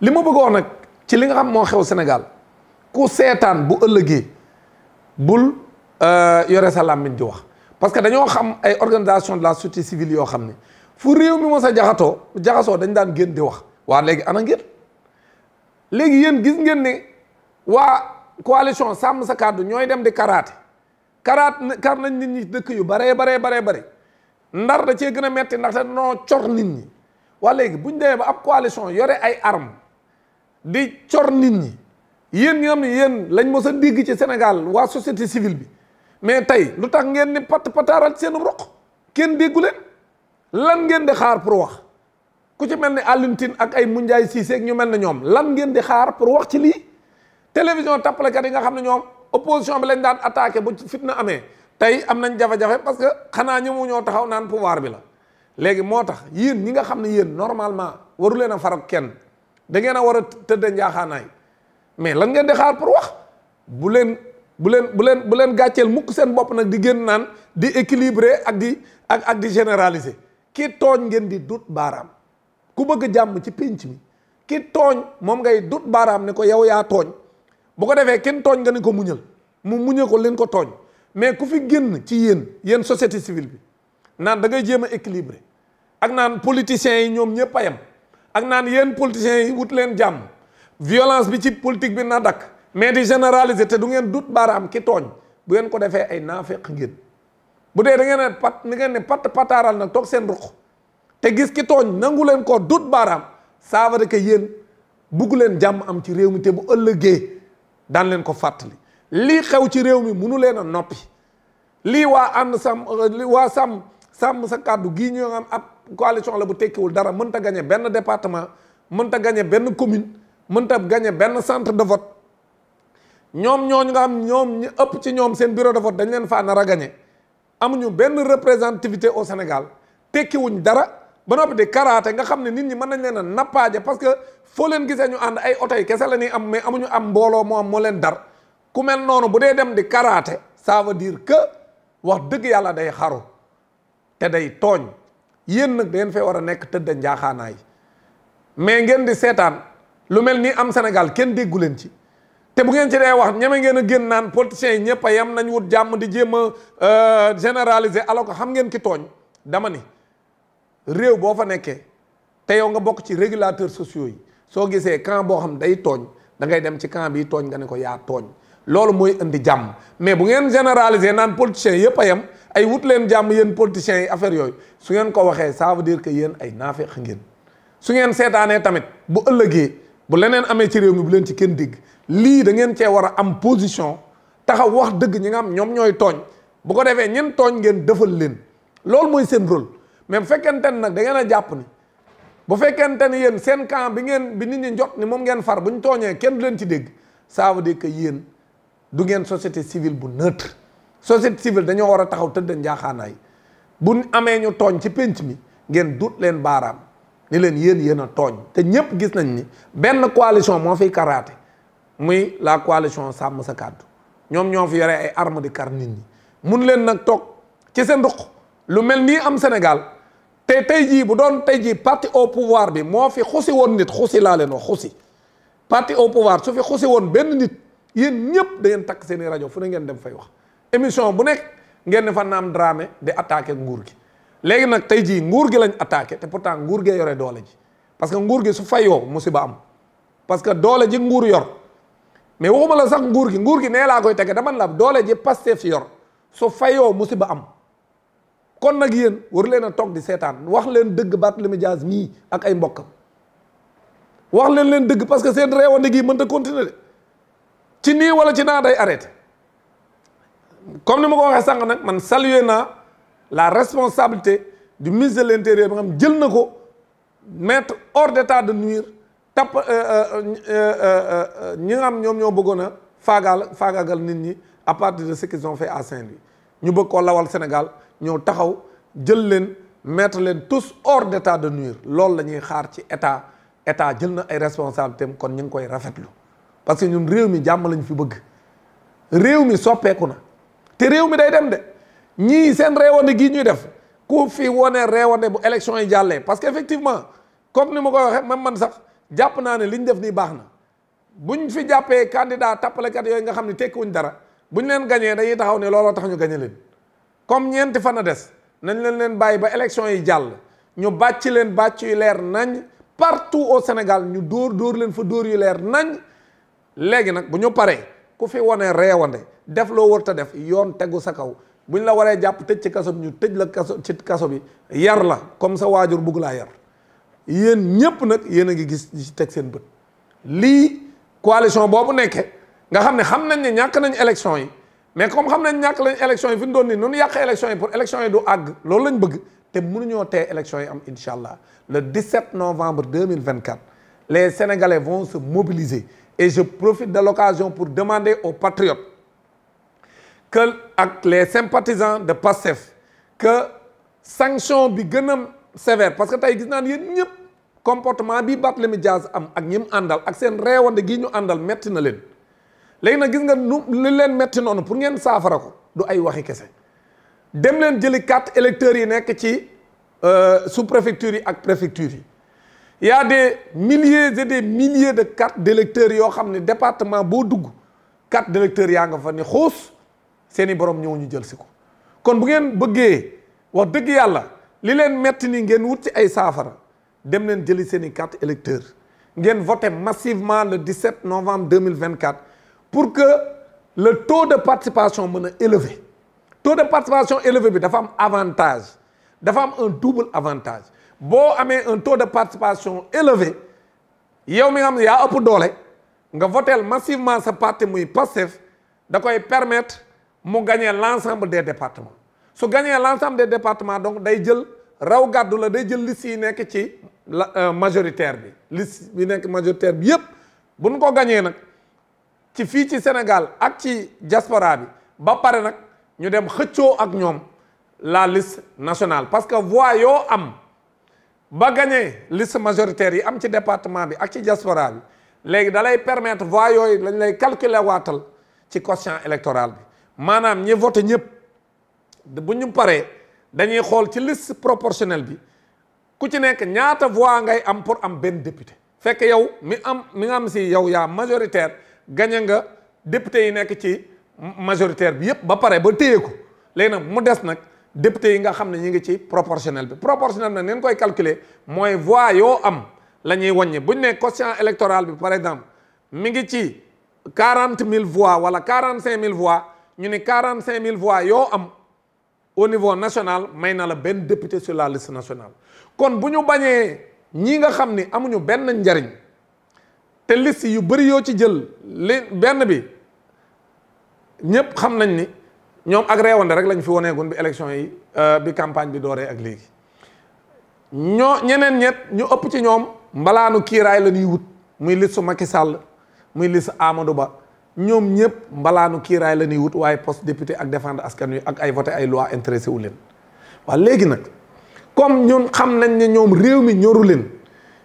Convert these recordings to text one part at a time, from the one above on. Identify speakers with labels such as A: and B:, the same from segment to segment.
A: li ma bëgg wax nag ci li nga xam moo xew Sénégal ku seetaan bu ëllëgee bul euh, yore sa làmmiñ di wax parce que dañoo xam ay organisation de la société civile yoo xam ni fu réew mi mos a jaxatoo jaxasoo dañ daan gën di wax waa léegi ana ngeen léegi yéen gis ngeen ne waa coalition sàmm sa kàddu ñooy dem di karaate karaat kar nañ nit ñi dëkk yu baree baree baree bare ndar da cee gën a ndax ndaxte noo cor nit ñi waa léegi buñ demee ba ab coalition yore ay armes di cor nit ñi yéen ñi xam ne yéen lañ mos a dégg ci Sénégal waa société civile bi mais tey lu tax ngeen ni pat pataaral seenu roq kenn déggu leen lan ngeen di xaar pour wax ku ci mel ni Alioune Tine ak ay Moundiaye Cissé ak ñu mel na ñoom lan ngeen di xaar pour wax ci lii télévision tappalekat yi nga xam ne ñoom opposition bi lañ daan attaqué bu fitna amee tey am nañ jafe-jafe parce que xanaa ñëmu ñoo taxaw naan pouvoir bi la léegi moo tax yéen ñi nga xam ne yéen normalement waru leen a farak kenn da ngeen a war a tëdd njaaxaanaay mais lan ngeen di xaar pour wax bu leen bu leen bu leen bu leen gàcceel mukk seen bopp nag di génn naan di équilibrer ak di ak ak di généraliser ki tooñ ngeen di dut baaraam ku bëgg jàmm ci pénc mi ki tooñ moom ngay dut baaraam ne ko yow yaa tooñ bu ko defee kenn tooñ nga ne ko muñal mu muñe ko leen ko tooñ mais ku fi génn ci yéen yéen société civile bi naan dangay ngay jéem a équilibrer ak naan politiciens yi ñoom ñëpp a yem ak naan yéen politiciens yi wut leen jàmm violence bi ci politique bi na dakk mais di généraliser te du ngeen dut baaraam ki tooñ bu ngeen ko defee ay naafeq ngeen bu dee da ngeen ne pat ni ngeen ne pat pataaral nag toog seen ruq te gis ki tooñ nangu leen ko dut baaraam ça veut dire que yéen bugg leen jàmm am ci réew mi te bu ëllëgee daan leen ko fàttali lii xew ci réew mi munu leen a noppi lii waa ànd sàmm euh, waa sàmm sàmm sa kàddu gii ñu am ab coalition la bu tekkiwul dara mënta gagné benn département mënta gagné benn commune mënta gagné benn centre de vote ñoom ñooñu nga am ñoom ñu ëpp ci ñoom seen bureau de vote dañ leen faa nar a gagné amuñu benn représentativité au Sénégal tekkiwuñ dara ba noppi di karaate nga xam ne nit ñi mën nañ leen a nappaaje parce que foo leen gisee ñu ànd ay oto yi kese la ñuy am mais amuñu am mbooloo moo am moo leen dar ku mel noonu bu dee dem di karaate ça veut dire que wax dëgg yàlla day xaru te day tooñ yéen nag da ngeen fee war a nekk tëdda njaaxaanaay mais ngeen di seetaan lu mel ni am Sénégal kenn déggu leen ci te bu ngeen ci dee wax ñeme ngeen a génn naan politiciens yi ñëpp a yem nañ wut jàmm di jéem a euh, généraliser alors xam ngeen ki tooñ dama ni réew boo fa nekkee te yow nga bokk ci régulateurs sociaux yi soo gisee camp boo xam day tooñ da dem ci camp bi tooñ nga ne ko yaa tooñ loolu mooy indi jàmm mais bu ngeen généraliser naan politiciens yëpp a yem ay wut leen jàmm yéen politiciens yi affaire yooyu su ngeen ko waxee ça veut dire que yéen ay naafeq ngeen su ngeen seetaanee tamit bu ëllëgee bu leneen amee ci réew mi bu leen ci kenn dégg lii da ngeen cee war a am position taxaw wax dëgg ñi nga am ñoom ñooy tooñ bu ko defee ñen tooñ ngeen defal leen loolu mooy seen rôle mais bu fekkente ni nag da ngeen a jàpp ni bu fekkente ni yéen seen camp bi ngeen bi nit ñi njot ni moom ngeen far bu ñu tooñee kenn du leen ci dégg ça veut dire yéen du ngeen société civile bu neutre société civile dañoo war a taxaw tëdd njaaxaanaay bu amee ñu tooñ ci pénc mi ngeen dut leen baaraam ni leen yéen yéen a tooñ te ñépp gis nañ ni benn coalition moo fiy karaate muy la coalition sàmm sa kàddu ñoom ñoo fi yore ay arme di kar nit ñi mun leen nag toog ci seen nduq lu mel nii am Sénégal te tey jii bu doon tey jii parti au pouvoir bi moo fi xusi woon nit xusi laa leen wax xusi parti au pouvoir su fi xusi woon benn nit yéen ñëpp da ngeen takk seen i rajo fu ngeen dem fay wax émission bu nekk ngeen fan naam dramé di attaqué nguur gi léegi nag tey jii nguur gi lañ attaqué te pourtant nguur gee yore doole ji parce que nguur gi su fayoo musiba am parce que doole ji nguur yor mais waxuma la sax nguur gi nguur gi nee laa koy tege dama la doole ji Pastef yor su fayoo musiba am kon nag yéen war leen a toog di seetaan wax leen dëgg bat Barthélémy Dias mii ak ay mbokkam wax leen leen dëgg parce que seen gii gi mënta continuer de ci nii wala ci naa day arrêté comme ni ma ko waxee sànq nag man saluer naa la responsabilité du ministre de l'intérieur ba nga xam jël na ko mettre hors d'état de nuire tapp euh, euh, euh, ñi nga xam ñoom ñoo bëggoon a faagaal faagaagal nit ñi à partir de ce qu'ils ont fait à Saint-Louis ñu bëgg koo lawal Sénégal ñoo taxaw jël leen mettre leen tous hors d'état de nuire loolu la ñuy xaar ci état état jël na ay responsabilités kon ñu ngi koy rafetlu parce que ñun réew mi jàmm lañu fi bëgg réew mi soppeeku na. te réew mi day dem de ñii seen réewande gii ñuy def ku fi wone réewande bu élection yi jàllee parce que effectivement comme ni ma koy waxee man man sax jàpp naa ne li ñu def nii baax na bu ñu fi jàppee candidat tappalekat yooyu nga xam ne tekkiwuñ dara bu buñ leen gañee dañuy taxaw ne looloo tax ñu gañe leen comme ñeenti fan a des nañ leen leen bàyyi ba élection yi jàll ñu bàcc leen bàcc yu leer nañ partout au Sénégal ñu dóor dóor leen fa dóor yu leer nañ léegi nag bu ñu paree ku fi wone reewande def loo wër ta def yoon tegu sa kaw bu ñu la waree jàpp tëj ci kaso bi ñu tëj la kaso ci kaso bi yar la comme sa waajur bugg laa yar yéen ñépp nag yéen a ngi gis ci teg seen bët lii coalition boobu nekkee nga xam ne xam nañ ne ñàkk nañ élection yi mais comme xam nañ ñàkk lañ élection yi fi ñu doon nii nunu yàq élection yi pour élection yi du àgg loolu lañ bëgg te mënuñoo tee élection yi am incha allah le 17 novembre 2024 les sénégalais vont se mobiliser et je profit de l'occasion pour demander au patriotes que ak les sympathisants de PASTEF que sanction bi gën a sévère parce que tey gis naan yéen ñëpp comportement bi Barthélémy Dias am ak ñi àndal ak seen reewande gi ñu àndal metti na leen léegi nag gis nga nu li leen metti noonu pour ngeen saafara ko du ay waxi kese dem leen jëli carte électeurs yi nekk ci euh, sous préfecture yi ak préfecture yi y a des milliers et des milliers de cartes d'électeurs yoo xam ne département boo dugg carte d'électeur yaa nga fa ne xuus seeni borom ñëw ñu jël si ko kon bu ngeen bëggee wax dëgg yàlla li leen metti nii ngeen wut ci ay saafara dem leen jëli seeni carte électeur ngeen voté massivement le 17 novembre 2024 pour que le taux de participation mën a élevé taux de participation élevé bi dafa am avantage dafa am un double avantage boo amee un taux de participation élevé yow mi am yaa ëpp doole nga votel massivement sa parti muy Pastef da koy permettre mu gagner l'ensemble des départements su gagner l'ensemble des départements donc day jël raw gàddu la day jël liste yi nekk ci la euh, majoritaire bi liste bi nekk majoritaire bi yépp bu nu ko gañee nag ci fii ci Sénégal ak ci diaspora bi ba pare nag ñu dem xëccoo ak ñoom la liste nationale parce que voix yoo am ba gagné liste majoritaire yi am ci département bi ak ci diaspora bi léegi dalay lay permettre voix yooyu lañ lay calculer waatal ci quotient électoral bi maanaam ñi voté ñëpp bu ñu paree dañuy xool ci liste proportionnel bi ku ci nekk ñaata voix ngay am pour am benn député fekk yow mi am mi nga am si yow yaa majoritaire gañe nga député yi nekk ci majoritaire bi yëpp ba pare ba téye ko léegi nag mu des nag député yi nga xam ne ñi ngi ci proportionnel bi proportionnel bi nag neen koy calculer mooy voix yoo am la ñuy wàññi bu ñu nee quotient électoral bi par exemple mi ngi ci quarante mille voix wala quarante cinq mille voix ñu ni quarante cinq mille voix yoo am au niveau national may na la benn député sur la liste national kon bu ñu bañee ñi nga xam ni amuñu benn njariñ te list yu bëri yoo ci jël li benn bi ñëpp xam nañ ni ñoom ak réewande rek lañu fi woneegun bi élection yi euh, bi campagne bi dooree ak léegi ñoo ñeneen ñet ñu ëpp ci ñoom mbalaanu kiiraay la ñuy wut muy liste Macky sàll muy liste Amadou Ba ñoom ñëpp mbalaanu kiiraay la ñuy wut waaye poste député ak défendre askan wi ak ay voté ay loi intéressé wu leen waaw léegi nag comme ñun xam nañ ne ñoom réew mi ñoru leen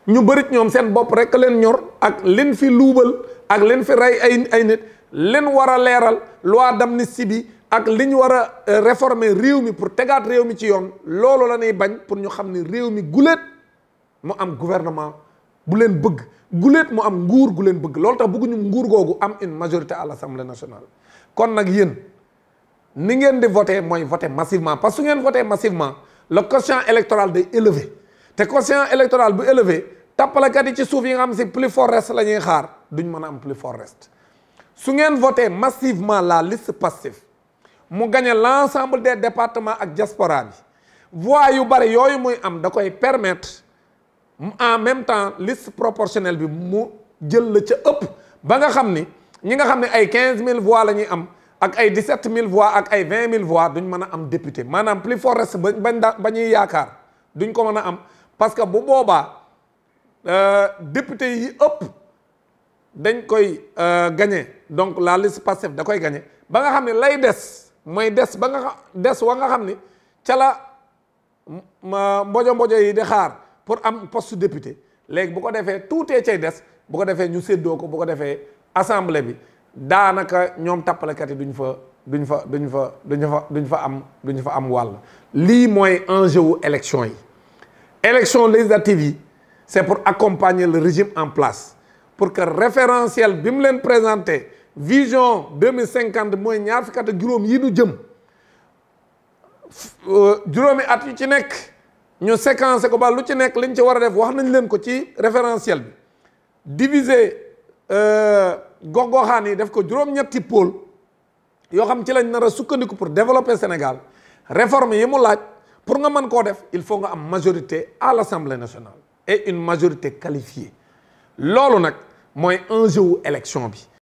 A: ñu bëri ñoom seen bopp rek leen ñor ak leen fi luubal ak leen fi rey ay ay nit leen war a leeral loi d'amnistie bi ak li ñu war a euh, réformer réew mi pour tegaat réew mi ci yoon loolu la ñuy bañ pour ñu xam ne réew mi guléet mu am gouvernement bu leen bëgg guléet mu am nguur gu leen bëgg loolu tax ñu nguur googu am une majorité à l'Assemblée nationale kon nag yéen ni ngeen di voté mooy voté massivement parce que su ngeen voté massivement le quotient électoral day te quotient électoral bu élevé tappalekat ci suuf yi nga xam si plus fort reste la ñuy xaar duñ mën a am plus fort su ngeen voté massivement la liste passive mu gagné l' ensemble des départements ak diaspora bi voix yu bari yooyu muy am da koy permettre en même temps liste proportionnelle bi mu jël la ca ëpp ba nga xam ni ñi nga xam ne ay quinze mille voix la ñuy am ak ay dix-sept mille voix ak ay vingt mille voix duñ mën a am député maanaam plus fort reste ba ba ñuy yaakaar duñ ko mën a am parce que bu boobaa euh, député yi ëpp dañ koy euh, gagné donc la liste Pastef da koy gañe ba nga xam ne lay des mooy des ba nga des wa nga xam ni ca la mbojo mbojo yi di xaar pour am poste député léegi bu ko defee tuutee cay des bu ko defee ñu séddoo ko bu ko defee assemblée bi daanaka ñoom tappalekat yi duñ fa duñ fa duñ fa duñ fa duñ fa am duñ fa am wàll lii mooy enjeu wu élection yi élection législative yi c'est pour accompagner le régime en place pour que référentiel bi mu leen présenté vision deux mille cinquante mooy ñaar fukki at juróom yi nu jëm euh, juróomi at yu ci nekk ñu séquencé ko ba lu ci nekk liñ ci war a def wax nañ leen ko ci référentiel bi diviser euh, gox-goxaan yi def ko juróom-ñetti pôle yoo xam ci lañ nar a sukkandiku pour développer Sénégal réforme yi mu laaj pour nga mën koo def il faut nga am majorité à l'Assemblée nationale et une majorité qualifiée loolu nag mooy enjeu wu élection bi